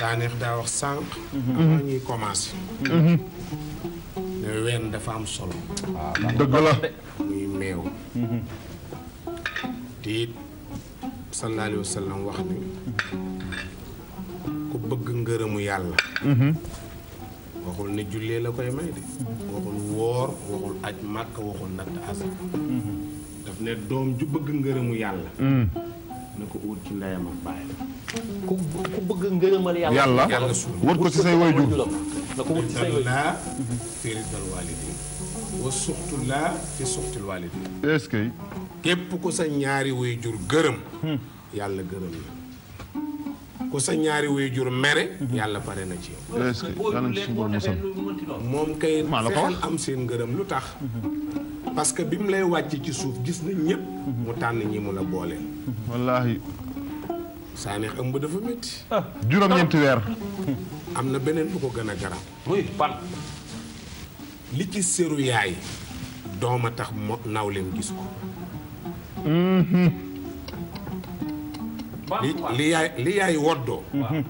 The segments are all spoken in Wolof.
saaneex da wax sank mhm. avant mhm. ñuy commencé ne mhm. ween dafa am solo ah, deug la muy meew te sallallahu alayhi wa sallam wax ni ku bëgg ngërëmu yalla waxul ne jullee la koy may de waxul wor waxul aj makka waxul natt asaka daf ne dom ju bëgg ngërëmu yalla ko ut ci ndeyam ku bëgg ngërëmal yàlla wër ko ci say waajur na ko sa ñaari waajur gërëm hmm. yàlla gërëm la ku sa ñaari waajur mere hmm. yàlla pare na ci moom kay fexeel am seen ngërëm lu tax hmm. parce que bi mu lay wàcce ci suuf gis na ñëpp. mu tànn ñi mun a boole. wallaahi. Sanex ëmb dafa métti. Ah, juróom-ñeenti weer. am na beneen bu ko gën a garab. li ci seru yaay. dooma tax mo nawleem gis ko. Mhm. li li yaay li yaay woddoo. Mhm.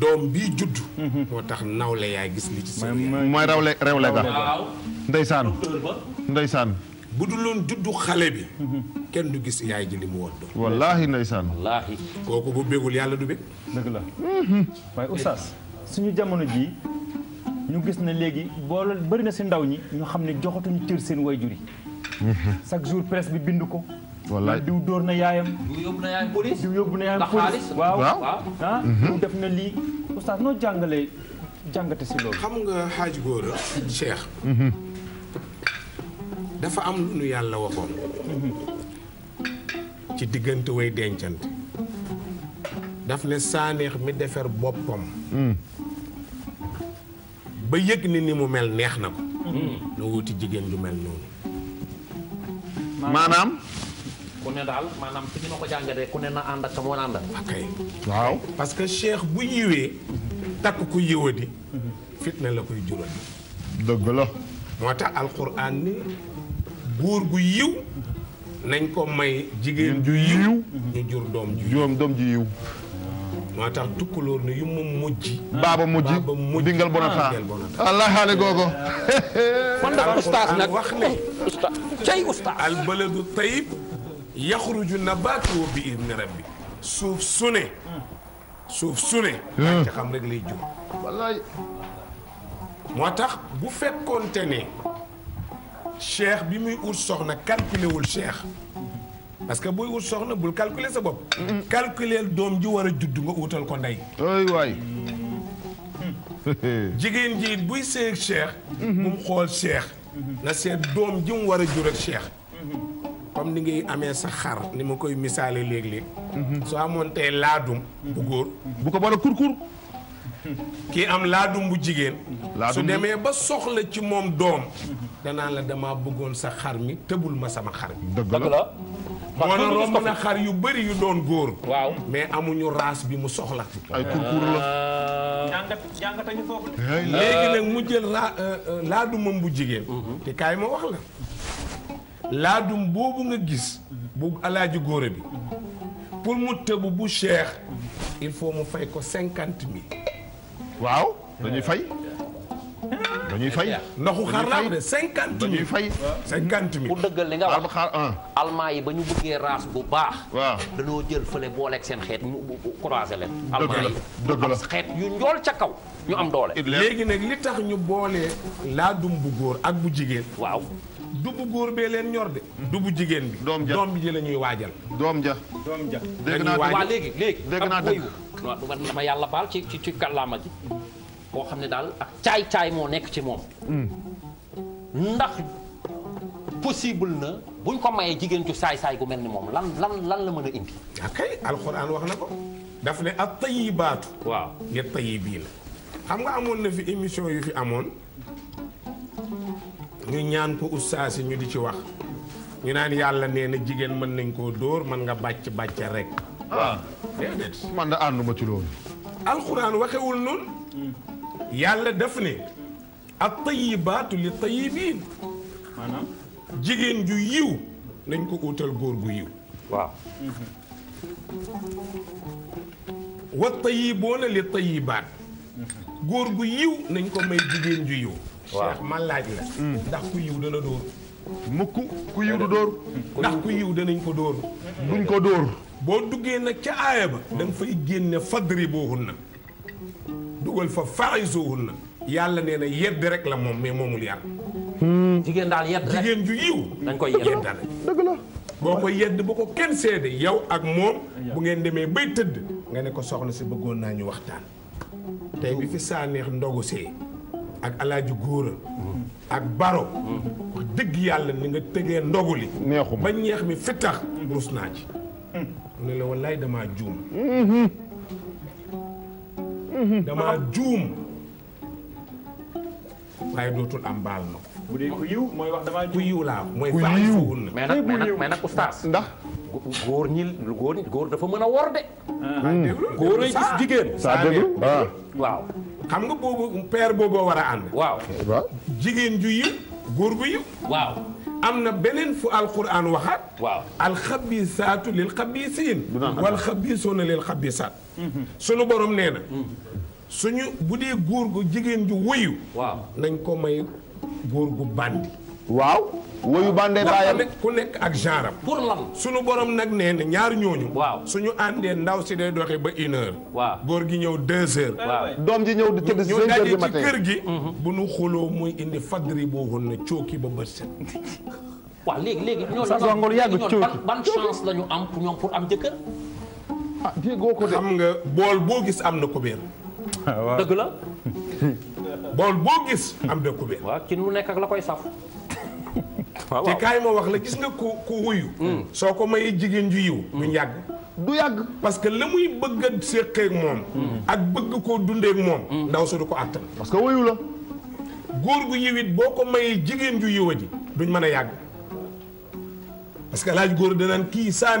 doom bii judd. Mhm. moo tax nawle yaay gis li ci seru yaay. mooy rawle rewle ga ndeysaan. ndeysaan bu dul loon juddu xale bi kenn du gis yaay ji li mu woon doon wallaahi ndeysaan kooku bu bégul yàlla du bég dëgg la waaye oustaz suñu jamono ji ñu gis na léegi boole bari na si ndaw ñi ñu xam ne joxatuñu cër seen wayjur yi chaque jour presse bi bind ko wallaay diw dóor na yaayam diw yóbbu na yaayam police diw yóbbu na yaayam police waaw diw ah, mhm. def na lii oustaz noo jàngalee jàngate si loolu xam nga xaaj góor a cheikh mhm. dafa am lu nu yàlla waxoon ci diggante way dencante daf ne saaneex mi defar boppam ba yëg ni ni mu mel neex na ko mm. na wuti jigéen ju mel noonu maanaam ku ne daal maanaam ci ni ma ko jàngatee ku ne na ànd ak ka ànd ak waaw parce que cheikh bu yiwee takk ku yiwadi mm-hmm. fitna la koy jural dëgg la moo tax alquran ni góor gu yiw nañ ko may jigéen ju yiw ñu jur doom ju yiw doom ju yiw maa tax tukkulóor ne yu ma mujj. baaba mujj dingal bonata ah. allah xaale googo. man dafa ustaas nag wax ne. ustaas cay ustaas. albaladu tayib yaxruju nabaatuhu bi idni rabbi suuf su ne. suuf su ne. Hmm. xam rek lay jur. moo tax bu fekkoonte ne. cheikh bi muy ut soxna calculer wul cheikh parce que buy ut soxna bul calculer sa bopp. calculer doom ji war a judd nga utal ko ndey. ooy waay. jigéen ji buy seeg cheikh. mu xool cheikh. na seet doom ji mu war a jur ak cheikh. comme ni ngay amee sa xar ni ma koy misaale léeg-léeg. soo amoon tey laadum. bu góor bu ko war a kurkur. kii am laadum bu jigéen. su demee ba soxla ci moom doom. danaan la damaa bëggoon sa xar mi tëbul ma sama xar mi. dëgg la. moo na romb na xar yu bëri yu doon góor. waaw mais amuñu race bi mu soxla. ay kurkur la. Euh, la. léegi nag mu jël ra euh, euh, laadumam bu jigéen. Mhm. te kaay ma wax la. laadum boobu nga gis. bu alaaji góore bi. Mhm. pour mu tëbu bu cheikh. il faut mu fay ko cinquante mille. waaw dañuy fay. dañuy fay ndoxu xar laa de cinquante mille dañuy fay cinquante mille. pour dëggal li nga wax xar allemand yi ba ñu bëggee race bu baax. waaw dañoo jël fële booleek seen xeet ñu croisé leen. allemand yi dëgg la xeet yu njool ca kaw ñu am doole. léegi nag li tax ñu boolee laa dum bu góor ak bu jigéen. waaw du góor bee leen ñor de. du jigéen bi. doom ja doom bi ji la ñuy waajal. doom ja. doom ja dégg naa waaw léegi léegi. dégg naa dëgg du ma yàlla baal ci ci kàllaama ji koo xam ne daal ak caay-caay moo nekk ci moom hmm. ndax possible na buñ ko mayee jigéen ju saay-saay gu mel ni moom lan lan lan la mën a indi ok alxuraan wax na ko daf ne at baatu waaw bii la xam nga amoon na fi émission yu fi amoon ñu ñaan ko ustaas ñu di ci wax ñu naan yàlla nee na jigéen mën nañ koo dóor mën nga bàcc bàcc rek Ah, ah déedéet. man da ànduma ci loolu. alxuraan waxewul noonu. yàlla def ne. at tayibaatu li tayibiin. maanaam. jigéen ju yiw. nañ ko utal góor gu yiw. waaw. Mm-hmm. wa tayiboona li tayibaat. Mm-hmm. góor gu yiw nañ ko may jigéen ju yiw. waaw Cheikh ma laaj la. Mm. ndax ku yiw dana dóor. mukk ku yiw du dóor ndax ku yiw danañ ko dóor ko dóor boo duggee nag ca aaya ba da nga fay génne fadribuhunna dugal fa fa'izuhunna yàlla nee na yedd rek la moom mais moomul yar hmm, jigéen daal yedd rek dañ koy yedd la boo ko yedd bu ko kenn seede yow ak moom bu ngeen demee bay tëdd nga ne ko soxna si bëggoon naa ñu waxtaan tey bi fi saa ndogu see ak alaaji góora ak baro wax dëgg yàlla ni nga tegee ndogu li neexuma ba ñeex mi fittax rus naa ci mu ne la wallaay damaa juum damaa juum waaye dootul am baal na bu dee ku yiw mooy wax damaa ku yiw laa mooy baal yiw mais nag mais nag mais nag oustaz ndax góor ñi góor góor dafa mën a wor de ah, ah, góor ay gis jigéen saa déglu ah. waaw xam nga boobu père booboo war a ànd. waaw jigéen ju yiw góor gu yiw. waaw am na beneen fu alquran waxaat. waaw alxabisaatu lil xabisiin. wal xabisuuna lil xabisaat. sunu borom nee na. suñu bu dee góor gu jigéen ju wuyu. waaw nañ ko may góor gu bandi. waaw. woyu bandee baayam ku nekk ak genre pour lan suñu borom nag nee na ñaar ñooñu waaw suñu àndee ndaw si day doxee ba une heure waaw góor gi ñëw deux heures waaw eh doom ji ñëw di tëdd cinq heures du gi mhm. bu nu xuloo muy indi fadri boo woon na cooki ba bët set waaw léegi léegi ñooñu ban chance la ñu am pour ñoom pour am jëkkër ah nga bool boo gis am na kubéer dëgg la bool boo gis am na kubéer waaw ci lu nekk ak la koy saf waaw te kaay ma wax la gis nga ku ku wuyu. Hmm. soo ko mayee jigéen ju yiw duñ hmm. yàgg. du yàgg parce que la muy bëgg a séqeek moom. Hmm. ak bëgg ko dundeek moom. ndaw su du ko àttan. parce que wuyu la. góor gu yiw boo ko mayee jigéen ju a ji duñ mën a yàgg. parce que laaj góor danaan kii saa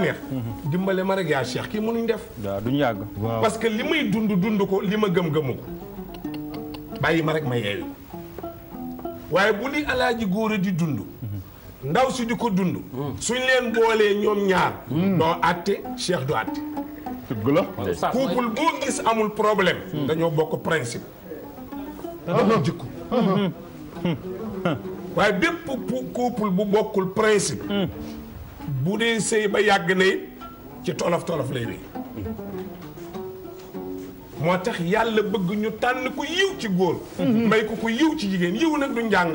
dimbale ma rek yaa Cheikh kii def. waaw duñ yàgg. parce que li may dund dund ko li ma gëm gëmu ko bàyyi ma rek ma yeewi. waaye bu li alaaji góor di dund ndaw si di ko dund suñ leen boolee ñoom ñaar doo àtte cheikh du àtte dëgg boo gis amul problème dañoo bokk principe waaye bépp couple bu bokkul principe bu dee sëy ba yàgg na ci tolof tolof lay rëy moo tax yàlla bëgg ñu tànn ku yiw ci góor mhm. may ko ku yiw ci jigéen yiw nag du njàng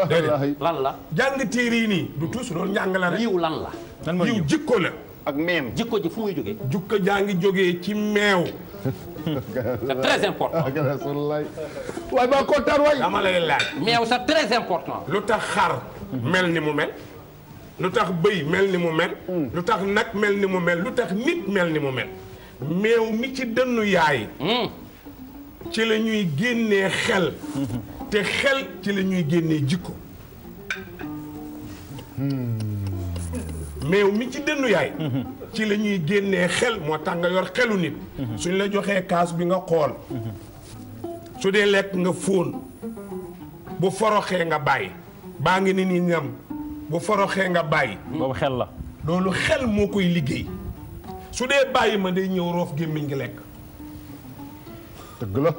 ah, déedéet lan la jàng téere yi nii du tous loolu njàng la rek yiw lan la yiw jikko la ak meem jikko ji fu muy jógee jukko jaa ngi jógee ci meew c'est très important waay ba kontaan waay dama lay laaj meew c'est très important lu tax xar mel ni mu mel lu tax bëy mel ni mu mel mm. lu tax nag mel ni mu mel lu tax nit mel ni mu mel meew mi ci dënnu yaay hmm. ci la ñuy génnee xel te xel ci lañuy ñuy génnee jikko meew mi ci dënnu yaay ci la ñuy génnee xel moo tax nga yor xelu nit suñ la joxee kaas bi nga xool su dee lekk nga fóon bu foroxee nga bàyyi baa ngi ne nii ñam bu foroxee nga bàyyi boobu xel la loolu xel moo koy liggéey su dee bàyyi ma day ñëw roof gémmiñ gi lekk. dëgg la.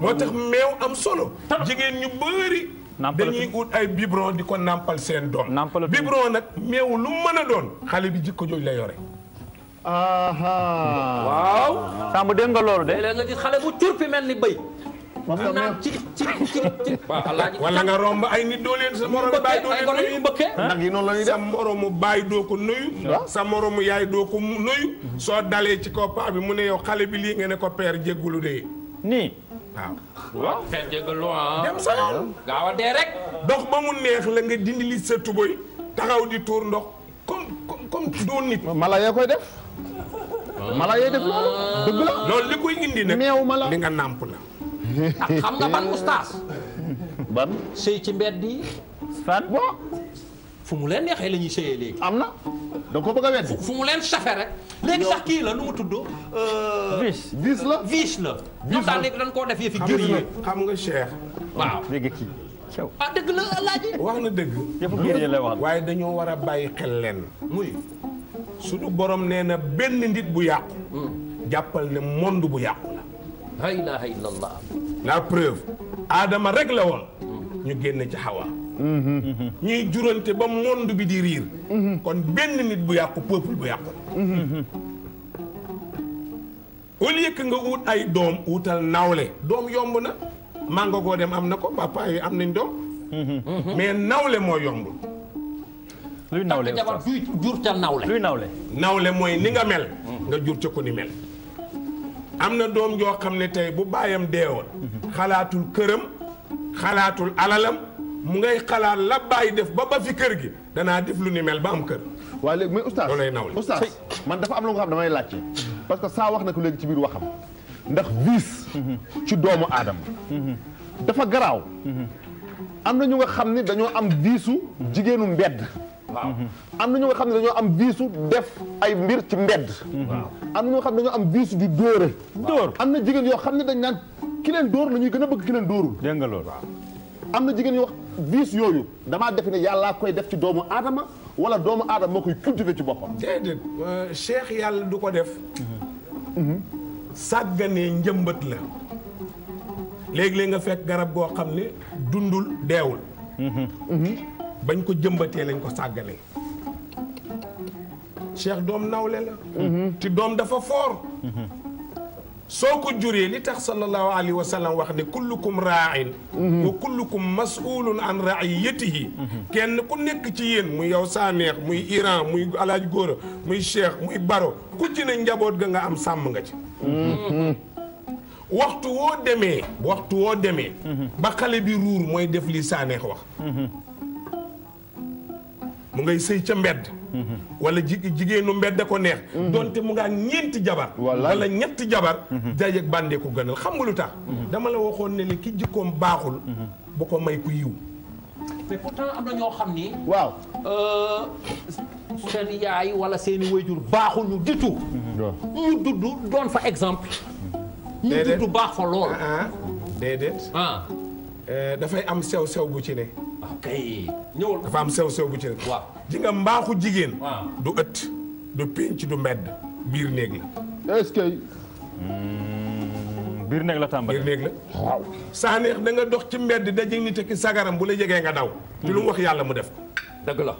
moo tax meew am solo. jigéen ñu bëri. dañuy ut ay biberon di ko nàmpal seen doom. biberon nag meew lu mën a doon. xale bi jikko jooju la yore. waaw. Samb dégg nga loolu de. léeg-léeg nga gis xale bu tur mel ni béy. naan ci ci ci ci. wala nga romb ay nit doo leen sa moromu baay doo yi noonu la ñuy def moromu baay doo ko nuyu. sa moromu yaay doo ko nuyu. Mhm. soo dalee ci ko paa bi mu xale bi lii nga ne ko père de. nii waaw. waaw ah. rek. dox ba mu neex la nga dindi sa tubóy taxaw di tuur ndox comme comme doo nit. mala yaa koy def. mala yee def loolu. dëgg la loolu li koy indi nag. meew mala li nga nàmp la. ak xam nga ban ustaas. ban sëy ci mbedd yi. fan fu mu leen neexee la ñuy sëyee léegi. am na da ko bëgg a weddi. fu mu leen safe rek. léegi sax kii la lu mu tudd. vis euh, vis la vis la. léegi dañ koo def yëfi gër yi xam nga Cheikh. waaw léegi kii. ah dëgg la wax na dëgg. yëfu gër waaye dañoo war a bàyyi xel leen. muy suñu borom nee na benn nit bu yàqu. Hmm. jàppal ne monde bu yàqu la. la ilaha la preuve aadama rek la woon ñu génne ci xawa ñuy jurante ba monde bi di riir kon benn nit bu yàqu peuple bu yàqu au lieu nga wut ay doom wutal nawle doom yomb na mango goo dem am na ko papa am nañ doom mais nawle moo yombul luy nawle jur ta nawle luy nawle nawle mooy ni nga mel nga jur ca ko mel am na doom joo xam ne tey bu baayam deewoon xalaatul këram xalaatul alalam mu ngay xalaat la bàyyi def ba ba fi kër gi danaa def lu ni mel ba am kër waaye léegi mais oustaz loolay naw man dafa am lu nga xam damay laajte parce que saa wax na ko léegi ci biir waxam ndax vice ci doomu aadama dafa garaaw mm-hmm. am na ñu nga xam ne dañoo am viisu jigéenu mbedd am na ñoo xam ne dañoo am viisu def ay mbir ci mbedd. am na ñoo xam ne dañoo am viisu di dóore. dóor am na jigéen yoo xam ne dañ naan ki dóor la ñuy gën a bëgg ki leen dóorul. dégg nga am na jigéen yoo viis yooyu damaa defe ne yàllaa koy def ci doomu aadama wala doomu aadama moo koy cultivé ci boppam. déedéet euh, Cheikh yàlla du ko def. Mhm. sàgganee njëmbët la. léegi-léeg nga fekk garab goo xam ne dundul deewul. Mhm. Mhm. bañ ko jëmbatee lañ ko sàggane Cheikh doom nawle la te doom dafa foor soo ko juree li tax sallallahu alayhi wa sallam wax ne kullukum raain wa kullukum masulun an raiyatihi kenn ku nekk ci yéen muy yow Saneex muy Iran muy alaaj góora muy Cheikh muy Baro ku ci njaboot ga nga am sàmm nga ci waxtu woo demee waxtu woo demee ba xale bi ruur mooy def li Saneex wax mu ngay sëy ca mbedd wala ji jigéenu mbedd ko neex mhm. te mu ngaa ñeenti jabar wala ñetti jabar mhm. jaay ak bàndee ko gënal xam nga lu tax mhm. dama la waxoon ne ne ki jikkoom baaxul bu ko may ku yiw am na xam ni waaw euh, seen yaay wala seeni i wayjur baaxul ñu ditu ñu dudd doon fa exemple ñu dudd baax fa lool ah, ah. déedéet ah. Euh, dafay am sew sew bu ci ne kay dafa am sew sew bu ci rek. waaw ji nga mbaaxu jigéen. du ëtt du pénc du mbedd biir néeg la. est hmm, la tàmbali néeg la. waaw saa neex da dox ci mbedd daje nit ki sagaram bu la jegee nga daw. ci lu mu wax yàlla mu def ko. dëgg la.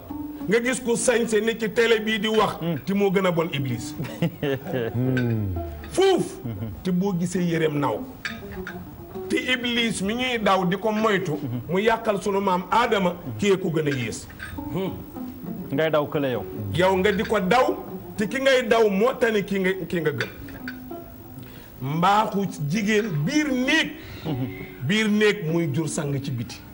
nga gis ku sañse ni ci télé bii di wax. Hmm. ti moo gën a bon iblis. fuuf. te boo gisee yërem naw. te iblis mi ñuy daw di ko moytu mu yàqal sunu maam aadama ki ku gën a yées hmm. ngay daw kële yow yow nga di ko daw te ki ngay daw moo tane ki nga ki nga gën mbaaxu jigéen biir néeg hmm. biir néeg muy jur sang ci biti